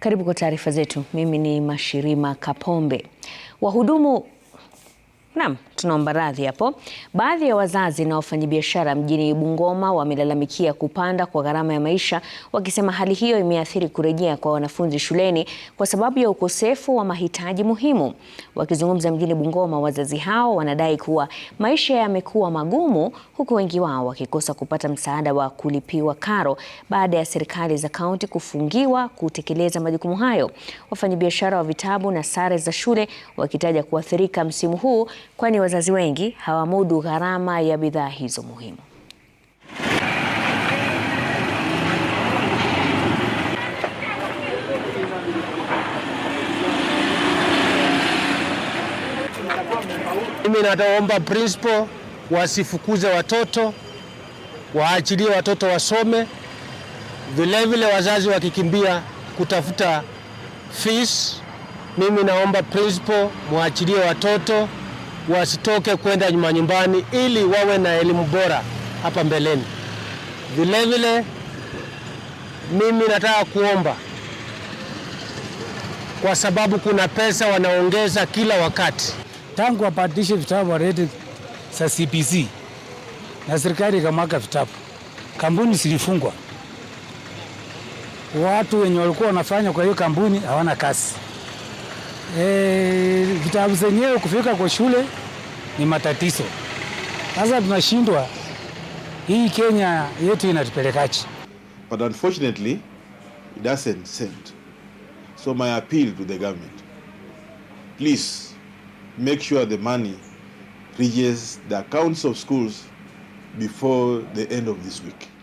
Karibu kwa taarifa zetu. Mimi ni Mashirima Kapombe. Wahudumu naam tunaomba radhi hapo. Baadhi ya wazazi na wafanyabiashara mjini Bungoma wamelalamikia kupanda kwa gharama ya maisha, wakisema hali hiyo imeathiri kurejea kwa wanafunzi shuleni kwa sababu ya ukosefu wa mahitaji muhimu. Wakizungumza mjini Bungoma, wazazi hao wanadai kuwa maisha yamekuwa magumu, huku wengi wao wakikosa kupata msaada wa kulipiwa karo baada ya serikali za kaunti kufungiwa kutekeleza majukumu hayo. Wafanyabiashara wa vitabu na sare za shule wakitaja kuathirika msimu huu kwani wazazi wengi hawamudu gharama ya bidhaa hizo muhimu. Mimi nataomba principal wasifukuze watoto, waachilie watoto wasome. Vilevile wazazi wakikimbia kutafuta fees, mimi naomba principal mwachilie watoto wasitoke kwenda nyumbani, ili wawe na elimu bora hapa mbeleni. Vilevile mimi nataka kuomba, kwa sababu kuna pesa wanaongeza kila wakati, tangu wapandishe vitabu warete za CBC na serikali ikamwaga vitabu, kampuni zilifungwa, watu wenye walikuwa wanafanya kwa hiyo kampuni hawana kazi e, vitabu zenyewe kufika kwa shule ni matatizo. Sasa tunashindwa hii Kenya yetu inatupelekaje? But unfortunately it doesn't send. So my appeal to the government, please make sure the money reaches the accounts of schools before the end of this week.